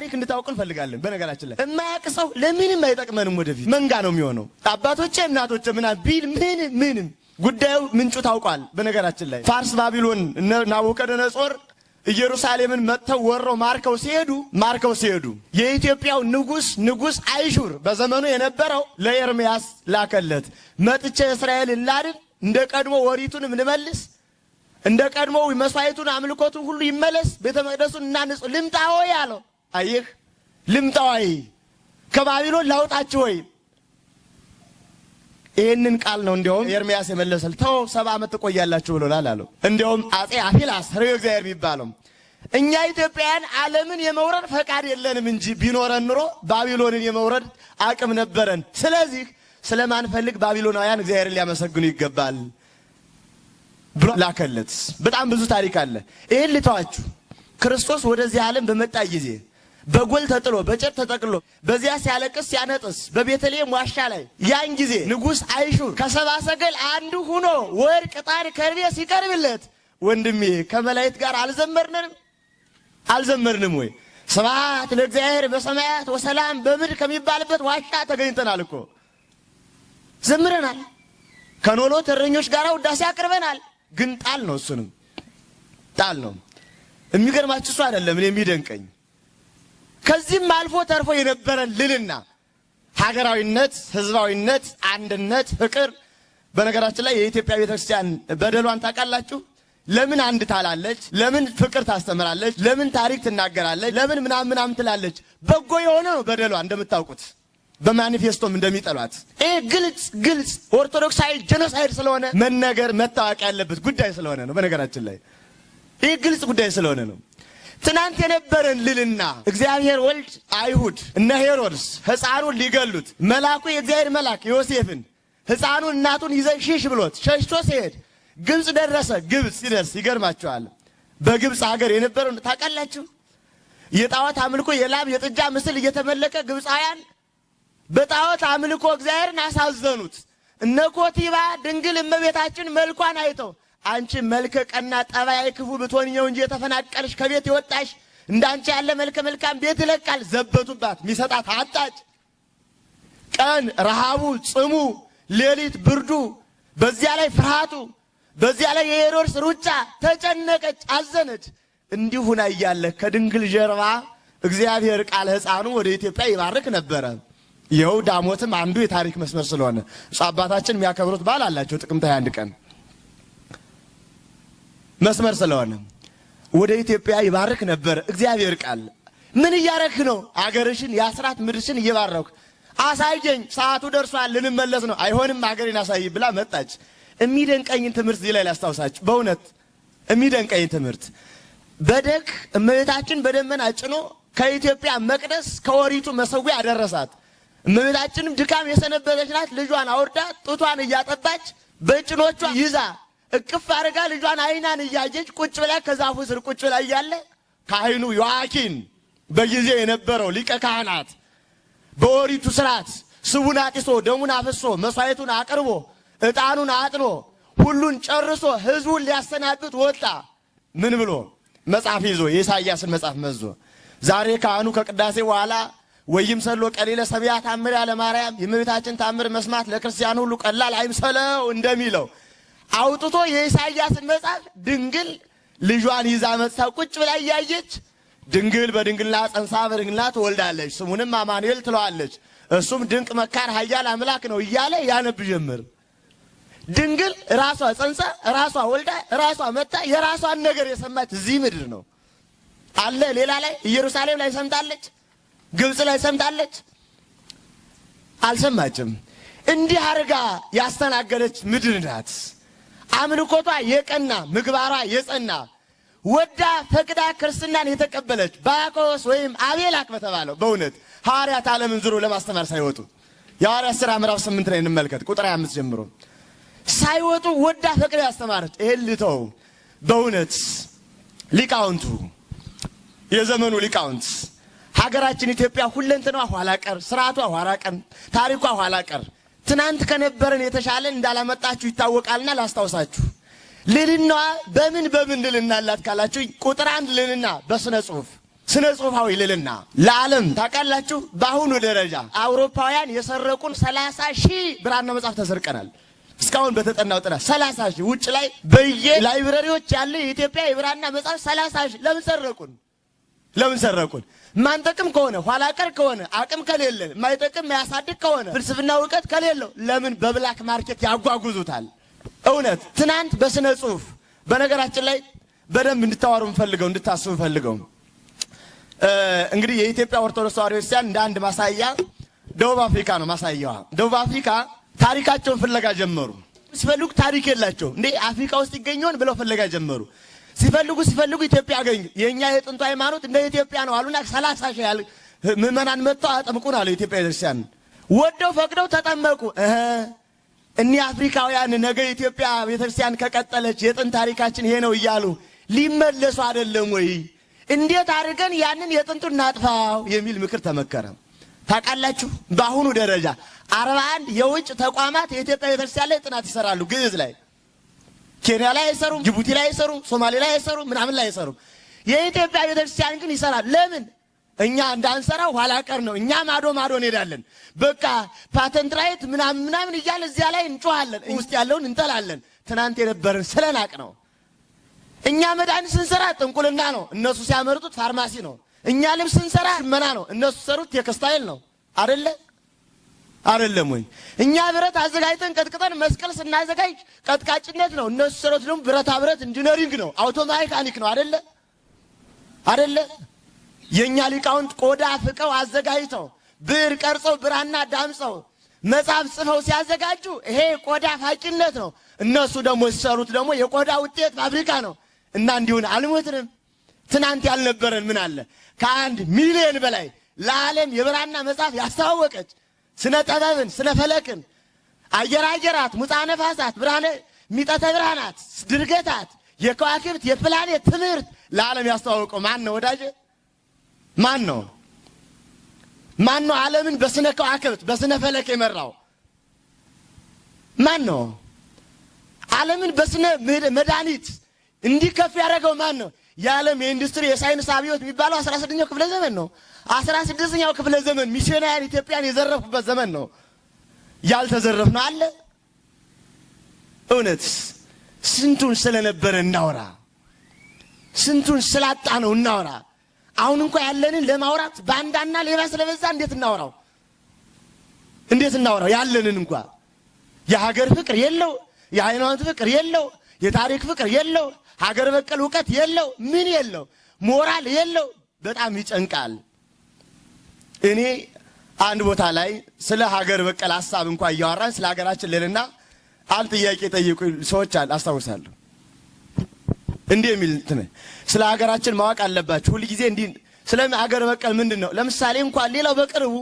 ታሪክ እንድታውቅ እንፈልጋለን። በነገራችን ላይ የማያውቅ ሰው ለምንም አይጠቅመንም። ወደፊት መንጋ ነው የሚሆነው። አባቶቼ እናቶቼ ምና ቢል ምን ምንም ጉዳዩ ምንጩ ታውቋል። በነገራችን ላይ ፋርስ፣ ባቢሎን ናቡከደነጾር ኢየሩሳሌምን መጥተው ወረው ማርከው ሲሄዱ ማርከው ሲሄዱ የኢትዮጵያው ንጉስ ንጉስ አይሹር በዘመኑ የነበረው ለኤርምያስ ላከለት መጥቼ እስራኤል ላድን እንደ ቀድሞ ወሪቱንም ልመልስ እንደ ቀድሞ መስዋዕቱን አምልኮቱን ሁሉ ይመለስ ቤተ መቅደሱን እናንጹ ልምጣ ሆይ አለው። አየህ ልምጣዋይ ከባቢሎን ላውጣችሁ ወይ ይህንን ቃል ነው እንዲያውም ኤርሚያስ የመለሰል ተው ሰባ ዓመት ትቆያላችሁ ብሎናል አለው። እንዲያውም አጼ አፊላስ ርእዮ እግዚአብሔር የሚባለው እኛ ኢትዮጵያውያን ዓለምን የመውረድ ፈቃድ የለንም እንጂ ቢኖረን ኑሮ ባቢሎንን የመውረድ አቅም ነበረን። ስለዚህ ስለማንፈልግ ባቢሎናውያን እግዚአብሔርን ሊያመሰግኑ ይገባል ብሎ ላከለት። በጣም ብዙ ታሪክ አለ። ይህን ልተዋችሁ። ክርስቶስ ወደዚህ ዓለም በመጣ ጊዜ በጎል ተጥሎ በጨር ተጠቅሎ በዚያ ሲያለቅስ ሲያነጥስ በቤተልሔም ዋሻ ላይ ያን ጊዜ ንጉሥ አይሹር ከሰባ ሰገል አንዱ ሁኖ ወርቅ፣ ዕጣን፣ ከርቤ ሲቀርብለት ወንድሜ ከመላእክት ጋር አልዘመርንም አልዘመርንም ወይ? ስብሐት ለእግዚአብሔር በሰማያት ወሰላም በምድር ከሚባልበት ዋሻ ተገኝተናል እኮ ዘምረናል። ከኖሎ ተረኞች ጋር ውዳሴ አቅርበናል። ግን ጣል ነው፣ እሱንም ጣል ነው። የሚገርማችሁ እሱ አይደለም እኔ የሚደንቀኝ ከዚህም አልፎ ተርፎ የነበረን ልልና ሀገራዊነት፣ ህዝባዊነት፣ አንድነት፣ ፍቅር። በነገራችን ላይ የኢትዮጵያ ቤተክርስቲያን በደሏን ታውቃላችሁ። ለምን አንድ ታላለች? ለምን ፍቅር ታስተምራለች? ለምን ታሪክ ትናገራለች? ለምን ምናም ምናም ትላለች? በጎ የሆነ ነው በደሏ እንደምታውቁት በማኒፌስቶም እንደሚጠሏት ይህ ግልጽ ግልጽ ኦርቶዶክሳዊ ጀኖሳይድ ስለሆነ መነገር መታወቅ ያለበት ጉዳይ ስለሆነ ነው። በነገራችን ላይ ይህ ግልጽ ጉዳይ ስለሆነ ነው። ትናንት የነበረን ልልና እግዚአብሔር ወልድ አይሁድ እነ ሄሮድስ ሕፃኑን ሊገሉት መልአኩ የእግዚአብሔር መልአክ ዮሴፍን ሕፃኑን እናቱን ይዘን ሽሽ ብሎት ሸሽቶ ሲሄድ ግብፅ ደረሰ። ግብፅ ሲደርስ ይገርማቸዋል። በግብፅ ሀገር የነበረው ታውቃላችሁ። የጣዖት አምልኮ የላም የጥጃ ምስል እየተመለከ ግብፃውያን በጣዖት አምልኮ እግዚአብሔርን አሳዘኑት። እነ ኮቲባ ድንግል እመቤታችን መልኳን አይተው አንቺ መልከ ቀና ጠባይ ክፉ ብትሆንኛው እንጂ የተፈናቀልሽ ከቤት የወጣሽ እንዳንቺ ያለ መልከ መልካም ቤት ይለቃል። ዘበቱባት ሚሰጣት አጣጭ ቀን ረሃቡ፣ ጽሙ፣ ሌሊት ብርዱ፣ በዚያ ላይ ፍርሃቱ፣ በዚያ ላይ የሄሮድስ ሩጫ ተጨነቀች፣ አዘነች። እንዲሁ ሁና እያለ ከድንግል ጀርባ እግዚአብሔር ቃል ሕፃኑ ወደ ኢትዮጵያ ይባርክ ነበረ። ይኸው ዳሞትም አንዱ የታሪክ መስመር ስለሆነ አባታችን የሚያከብሩት በዓል አላቸው ጥቅምት 21 ቀን መስመር ስለሆነ ወደ ኢትዮጵያ ይባርክ ነበር እግዚአብሔር ቃል። ምን እያረክ ነው? አገርሽን የአስራት ምድርሽን እየባረኩ አሳየኝ፣ ሰዓቱ ደርሷል፣ ልንመለስ ነው። አይሆንም አገሬን አሳይ ብላ መጣች። የሚደንቀኝን ትምህርት እዚህ ላይ ላስታውሳችሁ። በእውነት የሚደንቀኝን ትምህርት በደግ እመቤታችን በደመና ጭኖ ከኢትዮጵያ መቅደስ ከወሪቱ መሰዊያ አደረሳት። እመቤታችንም ድካም የሰነበተች ናት። ልጇን አውርዳ ጡቷን እያጠባች በጭኖቿ ይዛ እቅፍ አድርጋ ልጇን አይናን እያየች ቁጭ ብላ ከዛፉ ስር ቁጭ ብላ እያለ ካህኑ ዮአኪን በጊዜ የነበረው ሊቀ ካህናት በኦሪቱ ስርዓት ስቡን አጢሶ ደሙን አፍሶ መስዋዕቱን አቅርቦ ዕጣኑን አጥኖ ሁሉን ጨርሶ ህዝቡን ሊያሰናብት ወጣ። ምን ብሎ መጽሐፍ ይዞ የኢሳይያስን መጽሐፍ መዞ ዛሬ ካህኑ ከቅዳሴ በኋላ ወይም ሰሎ ቀሊለ ሰብያ ታምር ያለማርያም የእመቤታችን ታምር መስማት ለክርስቲያን ሁሉ ቀላል አይምሰለው እንደሚለው አውጥቶ የኢሳይያስን መጽሐፍ ድንግል ልጇን ይዛ መጥታ ቁጭ ብላ እያየች ድንግል በድንግልና ጸንሳ በድንግልና ትወልዳለች፣ ስሙንም አማኑኤል ትለዋለች፣ እሱም ድንቅ መካር ኃያል አምላክ ነው እያለ ያነብ ጀምር። ድንግል ራሷ ጸንሳ ራሷ ወልዳ ራሷ መታ የራሷን ነገር የሰማች እዚህ ምድር ነው አለ። ሌላ ላይ ኢየሩሳሌም ላይ ሰምታለች፣ ግብፅ ላይ ሰምታለች፣ አልሰማችም። እንዲህ አርጋ ያስተናገደች ምድር ናት። አምልኮቷ የቀና ምግባሯ የጸና ወዳ ፈቅዳ ክርስትናን የተቀበለች ባያቆስ ወይም አቤላክ በተባለው በእውነት ሐዋርያት ዓለምን ዙሮ ለማስተማር ሳይወጡ የሐዋርያት ሥራ ምዕራፍ ስምንት ላይ እንመልከት ቁጥር አምስት ጀምሮ ሳይወጡ ወዳ ፈቅዳ ያስተማረች ይህን ልተው በእውነት ሊቃውንቱ የዘመኑ ሊቃውንት ሀገራችን ኢትዮጵያ ሁለንትኗ ኋላ ቀር፣ ስርዓቷ ታሪኳ ኋላቀር ትናንት ከነበረን የተሻለን እንዳላመጣችሁ ይታወቃልና ላስታውሳችሁ። ልልናዋ በምን በምን ልልና አላት ካላችሁ፣ ቁጥር አንድ ልልና በስነ ጽሁፍ ስነ ጽሁፋዊ ልልና ለዓለም ታውቃላችሁ። በአሁኑ ደረጃ አውሮፓውያን የሰረቁን ሰላሳ ሺህ ብራና መጽሐፍ ተሰርቀናል። እስካሁን በተጠናው ጥናት ሰላሳ ሺህ ውጭ ላይ በየ ላይብረሪዎች ያለ የኢትዮጵያ የብራና መጽሐፍ ሰላሳ ሺህ ለምን ሰረቁን? ለምን ሰረቁን? ማንጠቅም ከሆነ ኋላ ቀር ከሆነ አቅም ከሌለ ማይጠቅም ማያሳድግ ከሆነ ፍልስፍና እውቀት ከሌለው ለምን በብላክ ማርኬት ያጓጉዙታል? እውነት ትናንት በስነ ጽሁፍ በነገራችን ላይ በደንብ እንድታዋሩ እንፈልገው እንድታስቡ እንፈልገው። እንግዲህ የኢትዮጵያ ኦርቶዶክስ ተዋሕዶ ቤተክርስቲያን እንደ አንድ ማሳያ ደቡብ አፍሪካ ነው ማሳያዋ። ደቡብ አፍሪካ ታሪካቸውን ፍለጋ ጀመሩ። ሲፈልጉ ታሪክ የላቸው እንዴ አፍሪካ ውስጥ ይገኘውን ብለው ፍለጋ ጀመሩ። ሲፈልጉ ሲፈልጉ ኢትዮጵያ አገኙ። የእኛ የጥንቱ ሃይማኖት እንደ ኢትዮጵያ ነው አሉና ሰላሳ ሺህ ያህል ምዕመናን መጥተው አጠምቁን አሉ። ኢትዮጵያ ቤተክርስቲያን ወደው ፈቅደው ተጠመቁ። እኒህ አፍሪካውያን ነገ ኢትዮጵያ ቤተክርስቲያን ከቀጠለች የጥንት ታሪካችን ይሄ ነው እያሉ ሊመለሱ አይደለም ወይ? እንዴት አድርገን ያንን የጥንቱን እናጥፋው የሚል ምክር ተመከረ። ታውቃላችሁ በአሁኑ ደረጃ አርባ አንድ የውጭ ተቋማት የኢትዮጵያ ቤተክርስቲያን ላይ ጥናት ይሰራሉ ግዕዝ ላይ ኬንያ ላይ አይሰሩም፣ ጅቡቲ ላይ አይሰሩም፣ ሶማሌ ላይ አይሰሩም፣ ምናምን ላይ አይሰሩም። የኢትዮጵያ ቤተክርስቲያን ግን ይሰራል። ለምን? እኛ እንዳንሰራው ኋላ ቀር ነው። እኛ ማዶ ማዶ እንሄዳለን። በቃ ፓተንት ራይት ምናምን ምናምን እያል እዚያ ላይ እንጮሃለን፣ ውስጥ ያለውን እንጠላለን። ትናንት የነበርን ስለናቅ ነው። እኛ መድኃኒት ስንሰራ ጥንቁልና ነው፣ እነሱ ሲያመርጡት ፋርማሲ ነው። እኛ ልብስ ስንሰራ ሽመና ነው፣ እነሱ ሰሩት ቴክስታይል ነው አደለ? አይደለም ወይ? እኛ ብረት አዘጋጅተን ቀጥቅጠን መስቀል ስናዘጋጅ ቀጥቃጭነት ነው። እነሱ ሰሮት ደግሞ ብረታ ብረት ኢንጂነሪንግ ነው፣ አውቶማይካኒክ ነው። አይደለ አይደለ? የእኛ ሊቃውንት ቆዳ ፍቀው አዘጋጅተው ብዕር ቀርጸው ብራና ዳምጸው መጽሐፍ ጽፈው ሲያዘጋጁ ይሄ ቆዳ ፋቂነት ነው። እነሱ ደግሞ ሲሰሩት ደግሞ የቆዳ ውጤት ፋብሪካ ነው። እና እንዲሁን አልሞትንም። ትናንት ያልነበረን ምን አለ ከአንድ ሚሊዮን በላይ ለዓለም የብራና መጽሐፍ ያስተዋወቀች ስነ ጠበብን ስነ ፈለክን አየር አየራት ሙፃ ነፋሳት ብርሃነ ሚጠተ ብርሃናት ድርገታት የከዋክብት የፕላኔት ትምህርት ለዓለም ያስተዋውቀው ማን ነው? ወዳጄ ማን ነው? ማን ነው ዓለምን በስነ ከዋክብት በስነ ፈለክ የመራው ማን ነው? ዓለምን በስነ መድኃኒት እንዲህ ከፍ ያደረገው ማን ነው? የዓለም የኢንዱስትሪ የሳይንስ አብዮት የሚባለው አስራ ስድስተኛው ክፍለ ዘመን ነው። አስራ ስድስተኛው ክፍለ ዘመን ሚስዮናውያን ኢትዮጵያን የዘረፉበት ዘመን ነው። ያልተዘረፍ ነው አለ። እውነት ስንቱን ስለነበረ እናውራ፣ ስንቱን ስላጣ ነው እናውራ። አሁን እንኳ ያለንን ለማውራት ባንዳና ሌባ ስለበዛ እንዴት እናውራው? እንዴት እናውራው? ያለንን እንኳ የሀገር ፍቅር የለው፣ የሃይማኖት ፍቅር የለው፣ የታሪክ ፍቅር የለው ሀገር በቀል እውቀት የለው፣ ምን የለው፣ ሞራል የለው። በጣም ይጨንቃል። እኔ አንድ ቦታ ላይ ስለ ሀገር በቀል ሀሳብ እንኳ እያወራን ስለ ሀገራችን ልልና አንድ ጥያቄ ጠየቁ ሰዎች አስታውሳለሁ። እንዲህ የሚል ስለ ሀገራችን ማወቅ አለባችሁ ሁልጊዜ እንዲህ ስለ ሀገር በቀል ምንድን ነው? ለምሳሌ እንኳን ሌላው በቅርቡ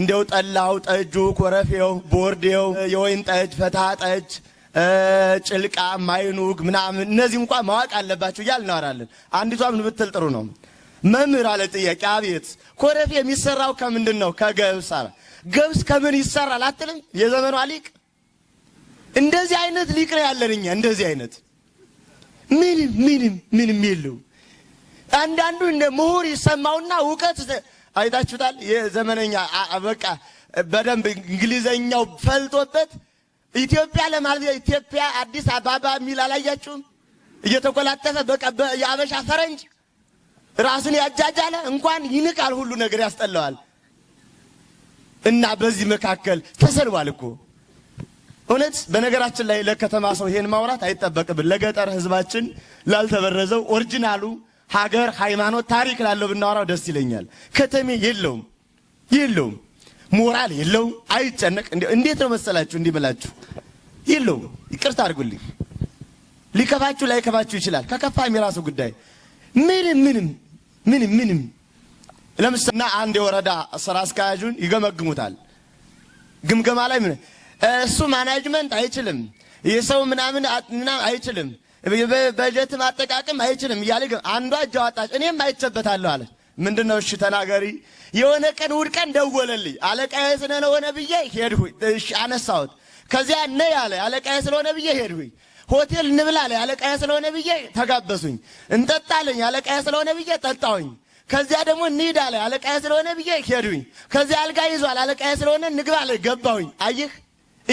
እንደው ጠላው፣ ጠጁ፣ ኮረፌው፣ ቦርዴው፣ የወይን ጠጅ፣ ፈታ ጠጅ ጭልቃ፣ ማይኑግ ምናምን እነዚህ እንኳን ማወቅ አለባቸው እያል እናወራለን። አንዲቷ ምን ብትል ጥሩ ነው? መምህር አለ ጥያቄ፣ አቤት። ኮረፌ የሚሰራው ከምንድን ነው? ከገብስ አለ። ገብስ ከምን ይሰራል አትልም? የዘመኗ ሊቅ እንደዚህ አይነት ሊቅ ነው ያለን እኛ። እንደዚህ አይነት ምንም ምንም ምንም የለው። አንዳንዱ እንደ ምሁር ይሰማውና እውቀት አይታችሁታል። የዘመነኛ በቃ በደንብ እንግሊዘኛው ፈልጦበት ኢትዮጵያ ለማለት ኢትዮጵያ አዲስ አበባ የሚል አላያችሁም? እየተኮላተፈ በቃ የአበሻ ፈረንጅ ራሱን ያጃጃለ እንኳን ይንቃል፣ ሁሉ ነገር ያስጠላዋል። እና በዚህ መካከል ተሰልቧል እኮ እውነት። በነገራችን ላይ ለከተማ ሰው ይሄን ማውራት አይጠበቅብን። ለገጠር ህዝባችን ላልተበረዘው ኦሪጂናሉ ሀገር፣ ሃይማኖት፣ ታሪክ ላለው ብናወራው ደስ ይለኛል። ከተሜ የለውም የለውም ሞራል የለውም፣ አይጨነቅ። እንዴት ነው መሰላችሁ? እንዲህ ብላችሁ የለውም። ይቅርታ አድርጉልኝ። ሊከፋችሁ ላይከፋችሁ ይችላል። ከከፋም የራሱ ጉዳይ። ምንም ምንም ምንም ምንም ለምሳና አንድ የወረዳ ስራ አስኪያጁን ይገመግሙታል። ግምገማ ላይ ምን እሱ ማናጅመንት አይችልም፣ የሰው ምናምን ምናምን አይችልም፣ በጀትም አጠቃቅም አይችልም እያለ አንዷ እጅ አወጣች፣ እኔም አይቸበታለሁ አለ። ምንድን ነው? እሺ ተናገሪ። የሆነ ቀን እሑድ ቀን ደወለልኝ። አለቃዬ ስለሆነ ብዬ ሄድሁኝ። እሺ አነሳሁት። ከዚያ ነይ አለ። አለቃዬ ስለሆነ ብዬ ሄድሁኝ። ሆቴል እንብላ አለ። አለቃዬ ስለሆነ ብዬ ተጋበሱኝ። እንጠጣለኝ። አለቃዬ ስለሆነ ብዬ ጠጣሁኝ። ከዚያ ደግሞ እንሂድ አለ። አለቃዬ ስለሆነ ብዬ ሄድሁኝ። ከዚያ አልጋ ይዟል። አለቃዬ ስለሆነ ንግባ አለ። ገባሁኝ። አየህ፣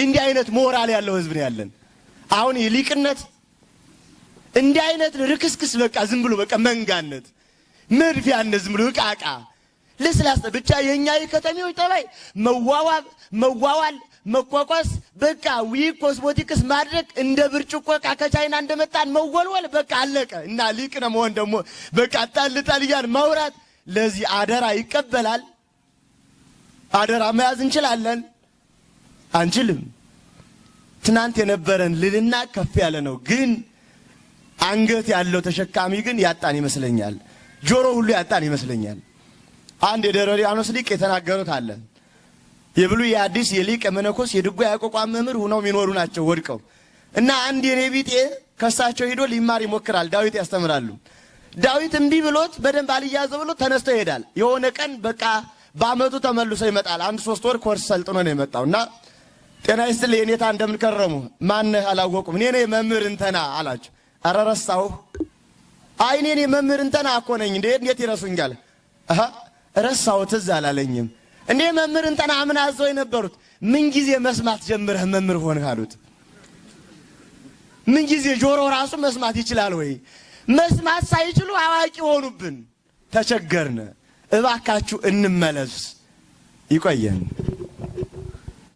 እንዲህ አይነት ሞራል ያለው ህዝብ ነው ያለን። አሁን ሊቅነት እንዲህ አይነት ርክስክስ፣ በቃ ዝም ብሎ በቃ መንጋነት መድፊያ እነዚህ ምሉ ዕቃቃ ለስላሳ ብቻ የኛ የከተሜዎች ጠባይ መዋዋብ፣ መዋዋል፣ መቋቋስ በቃ ዊ ኮስሞቲክስ ማድረግ እንደ ብርጭቆ ቃ ከቻይና እንደመጣን መወልወል በቃ አለቀ። እና ሊቅ ነው መሆን ደግሞ በቃ ጣል ጣል እያልን ማውራት ለዚህ አደራ ይቀበላል። አደራ መያዝ እንችላለን አንችልም? ትናንት የነበረን ልልና ከፍ ያለ ነው። ግን አንገት ያለው ተሸካሚ ግን ያጣን ይመስለኛል። ጆሮ ሁሉ ያጣን ይመስለኛል። አንድ የደረሪያኖስ ሊቅ የተናገሩት አለ። የብሉይ የአዲስ የሊቅ መነኮስ የድጓ ያቆቋ መምህር ሁነው የሚኖሩ ናቸው ወድቀው እና አንድ የኔ ቢጤ ከሳቸው ሂዶ ሊማር ይሞክራል። ዳዊት ያስተምራሉ። ዳዊት እምቢ ብሎት በደንብ አልያዘ ብሎ ተነስቶ ይሄዳል። የሆነ ቀን በቃ በአመቱ ተመልሶ ይመጣል። አንድ ሶስት ወር ኮርስ ሰልጥኖ ነው የመጣው እና ጤና ይስጥልኝ የኔታ እንደምንከረሙ ማነህ አላወቁም። እኔ ነኝ መምህር እንተና አላቸው። ኧረ ረሳሁህ አይኔን የመምህርን ጠና እኮ ነኝ እንዴ! እንዴት ይረሱኛል? ረሳው ትዝ አላለኝም እንዴ! መምህርን ጠና ምን አዘው የነበሩት ምን ጊዜ መስማት ጀምረህ መምህር ሆንህ አሉት። ምን ጆሮ ራሱ መስማት ይችላል ወይ? መስማት ሳይችሉ አዋቂ ሆኑብን፣ ተቸገርን። እባካችሁ እንመለስ። ይቆየን።